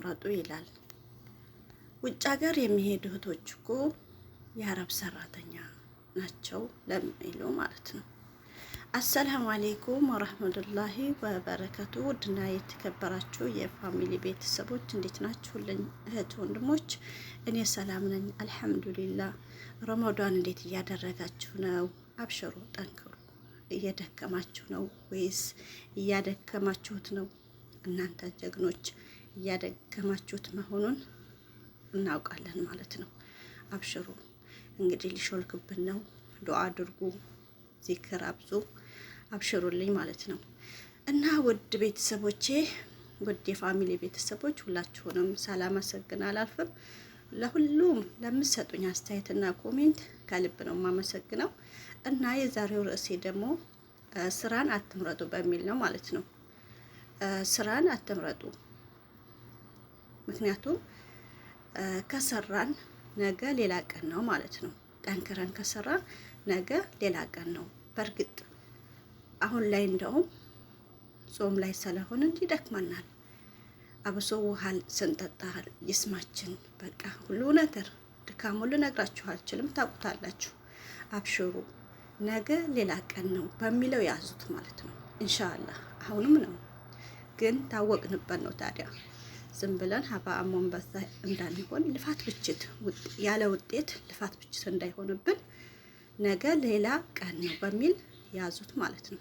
ይምረጡ ይላል። ውጭ ሀገር የሚሄዱ እህቶች እኮ የአረብ ሰራተኛ ናቸው ለሚሉ ማለት ነው። አሰላሙ አሌይኩም ወረህመቱላሂ ወበረከቱ። ውድና የተከበራችሁ የፋሚሊ ቤተሰቦች እንዴት ናችሁልኝ? እህት ወንድሞች፣ እኔ ሰላም ነኝ አልሐምዱሊላ። ረመዷን እንዴት እያደረጋችሁ ነው? አብሽሩ፣ ጠንክሩ። እየደከማችሁ ነው ወይስ እያደከማችሁት ነው? እናንተ ጀግኖች እያደገማችሁት መሆኑን እናውቃለን ማለት ነው። አብሽሩ እንግዲህ ሊሾልክብን ነው። ዱዓ አድርጉ፣ ዚክር አብዙ፣ አብሽሩልኝ ማለት ነው እና ውድ ቤተሰቦቼ፣ ውድ የፋሚሊ ቤተሰቦች ሁላችሁንም ሰላም አላልፍም። ለሁሉም ለምትሰጡኝ አስተያየትና ኮሜንት ከልብ ነው የማመሰግነው እና የዛሬው ርዕሴ ደግሞ ስራን አትምረጡ በሚል ነው ማለት ነው። ስራን አትምረጡ ምክንያቱም ከሰራን ነገ ሌላ ቀን ነው ማለት ነው። ጠንክረን ከሰራን ነገ ሌላ ቀን ነው። በእርግጥ አሁን ላይ እንደውም ጾም ላይ ስለሆንን ይደክመናል። አብሶ ውሃል ስንጠጣል ይስማችን በቃ ሁሉ ነገር ድካሙ ልነግራችሁ አልችልም፣ ታውቁታላችሁ። አብሽሩ ነገ ሌላ ቀን ነው በሚለው ያዙት ማለት ነው። እንሻላህ አሁንም ነው ግን ታወቅንበት ነው ታዲያ ዝም ብለን ሀባ አሞን በዛ እንዳንሆን ልፋት ብችት ያለ ውጤት ልፋት ብችት እንዳይሆንብን ነገ ሌላ ቀን ነው በሚል ያዙት ማለት ነው።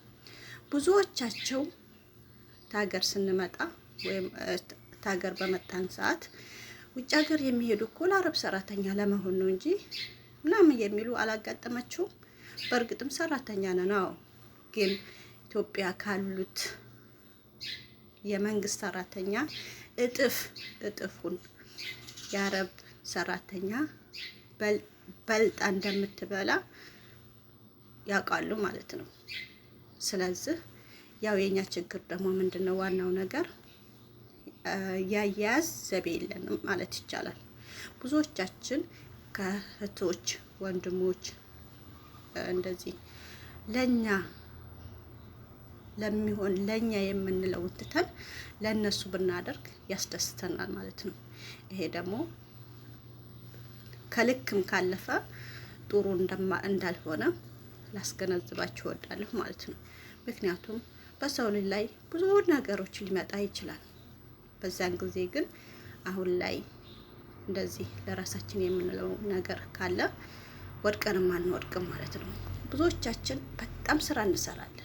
ብዙዎቻቸው ታገር ስንመጣ ወይም ታገር በመጣን ሰዓት ውጭ ሀገር የሚሄዱ እኮ ለአረብ ሰራተኛ ለመሆን ነው እንጂ ምናምን የሚሉ አላጋጠመችውም። በእርግጥም ሰራተኛ ነን፣ አዎ ግን ኢትዮጵያ ካሉት የመንግስት ሰራተኛ እጥፍ እጥፉን የአረብ ሰራተኛ በልጣ እንደምትበላ ያውቃሉ ማለት ነው። ስለዚህ ያው የኛ ችግር ደግሞ ምንድን ነው? ዋናው ነገር ያያያዝ ዘቤ የለንም ማለት ይቻላል። ብዙዎቻችን ከእህቶች ወንድሞች እንደዚህ ለእኛ ለሚሆን ለእኛ የምንለውን ትተን ለእነሱ ብናደርግ ያስደስተናል ማለት ነው። ይሄ ደግሞ ከልክም ካለፈ ጥሩ እንዳልሆነ ላስገነዝባችሁ እወዳለሁ ማለት ነው። ምክንያቱም በሰው ልጅ ላይ ብዙ ነገሮች ሊመጣ ይችላል። በዛን ጊዜ ግን አሁን ላይ እንደዚህ ለራሳችን የምንለው ነገር ካለ ወድቀንም አንወድቅም ማለት ነው። ብዙዎቻችን በጣም ስራ እንሰራለን።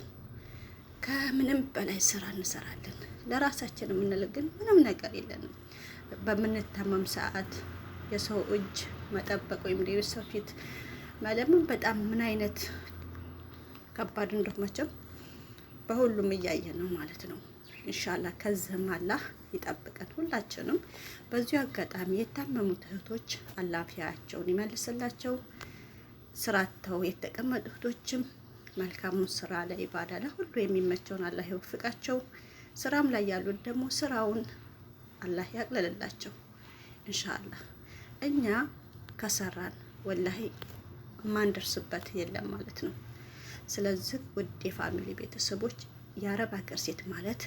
ከምንም በላይ ስራ እንሰራለን። ለራሳችን የምንል ግን ምንም ነገር የለንም። በምንታመም ሰዓት የሰው እጅ መጠበቅ ወይም ሌሎች ሰው ፊት መለምን በጣም ምን አይነት ከባድ እንደሆነችም በሁሉም እያየ ነው ማለት ነው። እንሻላ ከዚህም አላህ ይጠብቀን ሁላችንም። በዚሁ አጋጣሚ የታመሙት እህቶች አላፊያቸውን ይመልስላቸው። ስራተው የተቀመጡ እህቶችም መልካሙን ስራ ለኢባዳ ለሁሉ የሚመቸውን አላህ ይወፍቃቸው። ስራም ላይ ያሉት ደግሞ ስራውን አላህ ያቅለልላቸው ኢንሻአላህ። እኛ ከሰራን ወላሂ ማንደርስበት የለም ማለት ነው። ስለዚህ ውድ የፋሚሊ ቤተሰቦች የአረብ ሀገር ሴት ማለት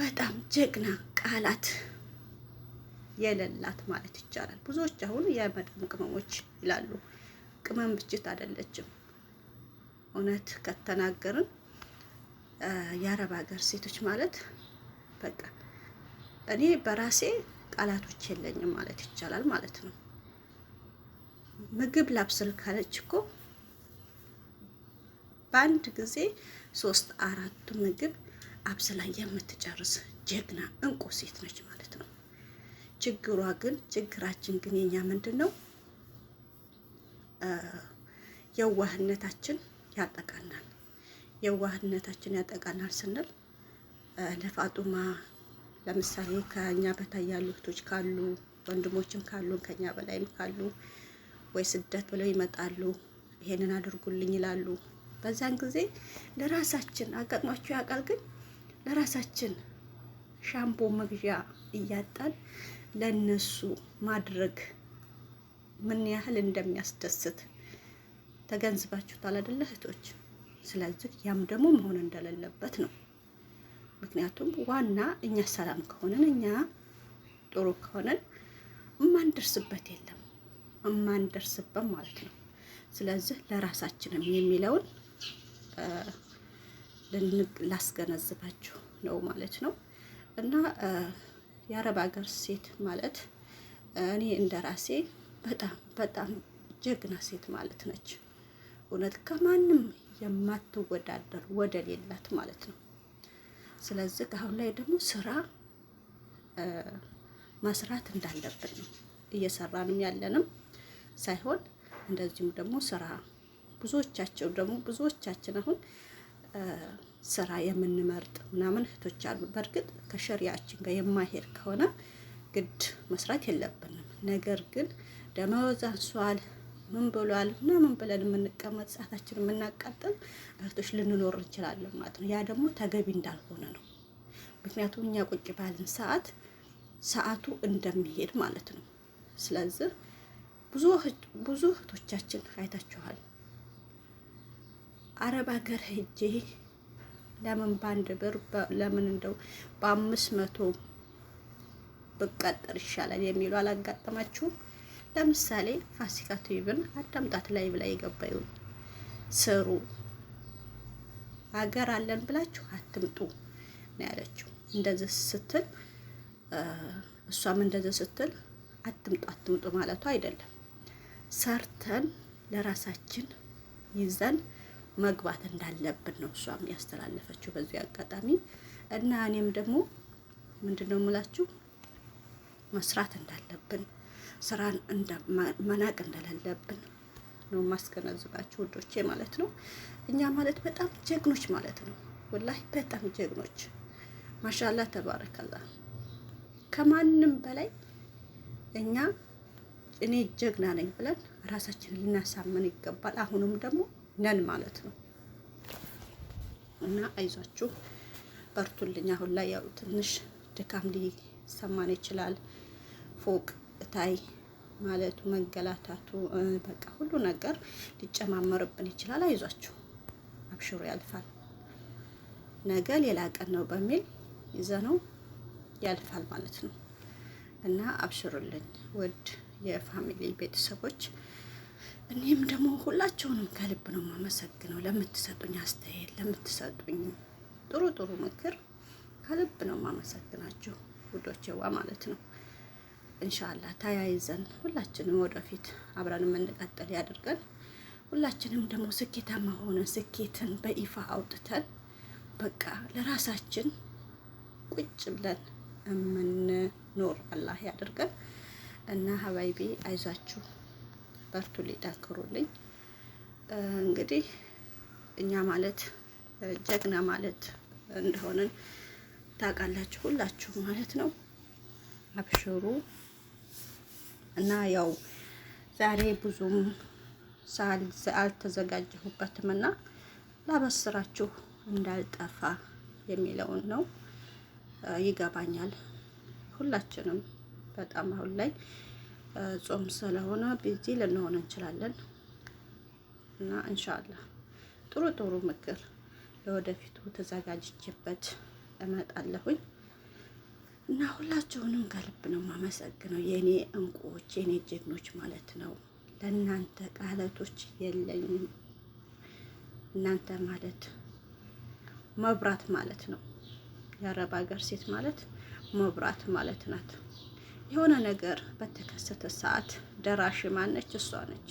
በጣም ጀግና ቃላት የለላት ማለት ይቻላል። ብዙዎች አሁን የመዳም ቅመሞች ይላሉ። ቅመም ብችት አይደለችም። እውነት ከተናገርን የአረብ ሀገር ሴቶች ማለት በቃ እኔ በራሴ ቃላቶች የለኝም ማለት ይቻላል ማለት ነው። ምግብ ላብስል ካለች እኮ በአንድ ጊዜ ሶስት አራቱ ምግብ አብስላ የምትጨርስ ጀግና እንቁ ሴት ነች ማለት ነው። ችግሯ ግን ችግራችን ግን የኛ ምንድን ነው? የዋህነታችን ያጠቃናል። የዋህነታችን ያጠቃናል ስንል ለፋጡማ ለምሳሌ ከኛ በታይ ያሉ እህቶች ካሉ ወንድሞችም ካሉ ከኛ በላይም ካሉ ወይ ስደት ብለው ይመጣሉ፣ ይሄንን አድርጉልኝ ይላሉ። በዛን ጊዜ ለራሳችን አጋጥሟቸው ያውቃል። ግን ለራሳችን ሻምቦ መግዣ እያጣን ለነሱ ማድረግ ምን ያህል እንደሚያስደስት ተገንዝባችሁታል አይደለ እህቶች? ስለዚህ ያም ደግሞ መሆን እንደሌለበት ነው። ምክንያቱም ዋና እኛ ሰላም ከሆነን እኛ ጥሩ ከሆነን እማንደርስበት የለም እማንደርስበት ማለት ነው። ስለዚህ ለራሳችንም የሚለውን ላስገነዝባችሁ ነው ማለት ነው። እና የአረብ ሀገር ሴት ማለት እኔ እንደ ራሴ በጣም በጣም ጀግና ሴት ማለት ነች። እውነት ከማንም የማትወዳደር ወደል የላት ማለት ነው። ስለዚህ አሁን ላይ ደግሞ ስራ መስራት እንዳለብን ነው እየሰራንም ያለንም ሳይሆን እንደዚሁም ደግሞ ስራ ብዙዎቻቸው ደግሞ ብዙዎቻችን አሁን ስራ የምንመርጥ ምናምን እህቶች አሉ። በእርግጥ ከሸሪያችን ጋር የማሄድ ከሆነ ግድ መስራት የለብንም። ነገር ግን ደመወዝ አንሷል ምን ብሏል እና ምን ብለን የምንቀመጥ ሰዓታችን የምናቃጥል እህቶች ልንኖር እንችላለን ማለት ነው። ያ ደግሞ ተገቢ እንዳልሆነ ነው። ምክንያቱም እኛ ቁጭ ባልን ሰዓት ሰዓቱ እንደሚሄድ ማለት ነው። ስለዚህ ብዙ እህቶቻችን አይታችኋል። አረብ ሀገር ሄጄ ለምን በአንድ ብር ለምን እንደው በአምስት መቶ ብቀጥር ይሻላል የሚሉ አላጋጠማችሁም? ለምሳሌ ፋሲካ ቲቪን አዳምጣት። ላይ ብላ የገባዩ ስሩ አገር አለን ብላችሁ አትምጡ ነው ያለችው። እንደዚህ ስትል እሷም እንደዚህ ስትል አትምጡ አትምጡ ማለቱ አይደለም። ሰርተን ለራሳችን ይዘን መግባት እንዳለብን ነው እሷም ያስተላለፈችው። በዚህ አጋጣሚ እና እኔም ደግሞ ምንድን ነው የምላችሁ መስራት እንዳለብን ስራን መናቅ እንደሌለብን ነው ማስገነዝባችሁ ውዶቼ ማለት ነው። እኛ ማለት በጣም ጀግኖች ማለት ነው። ወላሂ በጣም ጀግኖች ማሻላ ተባረከላ። ከማንም በላይ እኛ እኔ ጀግና ነኝ ብለን ራሳችን ልናሳምን ይገባል። አሁንም ደግሞ ነን ማለት ነው እና አይዟችሁ በርቱልኝ። አሁን ላይ ያው ትንሽ ድካም ሊሰማን ይችላል ፎቅ እታይ ማለቱ መገላታቱ፣ በቃ ሁሉ ነገር ሊጨማመርብን ይችላል። አይዟችሁ፣ አብሽሩ፣ ያልፋል። ነገ ሌላ ቀን ነው በሚል ይዘነው ያልፋል ማለት ነው እና አብሽሩልኝ ውድ የፋሚሊ ቤተሰቦች እኔም ደግሞ ሁላቸውንም ከልብ ነው የማመሰግነው ለምትሰጡኝ አስተያየት፣ ለምትሰጡኝ ጥሩ ጥሩ ምክር ከልብ ነው የማመሰግናችሁ ውዶቼዋ ማለት ነው። እንሻላ ተያይዘን ሁላችንም ወደፊት አብረን የምንቀጥል ያድርገን። ሁላችንም ደግሞ ስኬታማ ሆነን ስኬትን በይፋ አውጥተን በቃ ለራሳችን ቁጭ ብለን የምንኖር አላህ ያድርገን እና ሀባይቤ አይዟችሁ፣ በርቱ፣ ሊጠንክሩልኝ። እንግዲህ እኛ ማለት ጀግና ማለት እንደሆንን ታውቃላችሁ ሁላችሁ ማለት ነው። አብሽሩ እና ያው ዛሬ ብዙም አልተዘጋጀሁበትም እና ላበስራችሁ እንዳልጠፋ የሚለውን ነው። ይገባኛል ሁላችንም በጣም አሁን ላይ ጾም ስለሆነ ቢዚ ልንሆን እንችላለን እና እንሻላ ጥሩ ጥሩ ምክር ለወደፊቱ ተዘጋጅችበት እመጣለሁኝ። እና ሁላችሁንም ከልብ ነው የማመሰግነው የእኔ እንቁዎች የእኔ ጀግኖች ማለት ነው። ለእናንተ ቃለቶች የለኝም። እናንተ ማለት መብራት ማለት ነው። የአረብ ሀገር ሴት ማለት መብራት ማለት ናት። የሆነ ነገር በተከሰተ ሰዓት ደራሽ ማነች? እሷ ነች።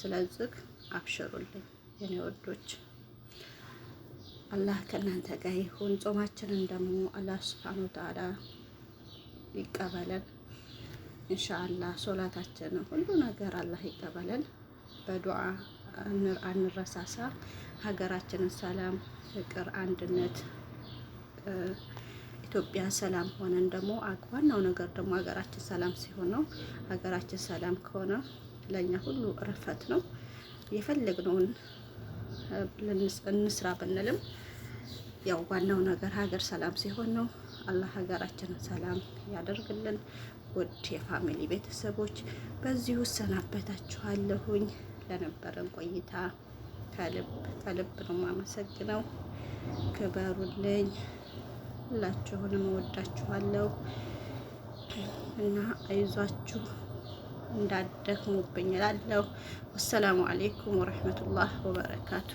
ስለዚህ አብሽሩልኝ የኔ ወዶች። አላህ ከእናንተ ጋር ይሁን። ጾማችንን ደግሞ አላህ ስብሓን ወተዓላ ይቀበለን ኢንሻአላህ። ሶላታችንን ሁሉ ነገር አላህ ይቀበለን። በዱዓ አንረሳሳ። ሀገራችንን ሰላም፣ ፍቅር፣ አንድነት ኢትዮጵያ ሰላም ሆነን ደግሞ ዋናው ነገር ደግሞ ሀገራችን ሰላም ሲሆን ነው። ሀገራችን ሰላም ከሆነ ለእኛ ሁሉ እረፈት ነው። የፈለግነውን እንስራ ብንልም ያው ዋናው ነገር ሀገር ሰላም ሲሆን ነው። አላህ ሀገራችንን ሰላም ያደርግልን። ውድ የፋሚሊ ቤተሰቦች በዚሁ እሰናበታችኋለሁኝ። ለነበረን ቆይታ ከልብ ከልብ ነው የማመሰግነው። ክበሩልኝ። ሁላችሁንም እወዳችኋለሁ እና አይዟችሁ እንዳደክሙብኝ እላለሁ። ወሰላሙ አሌይኩም ወረህመቱላህ ወበረካቱ።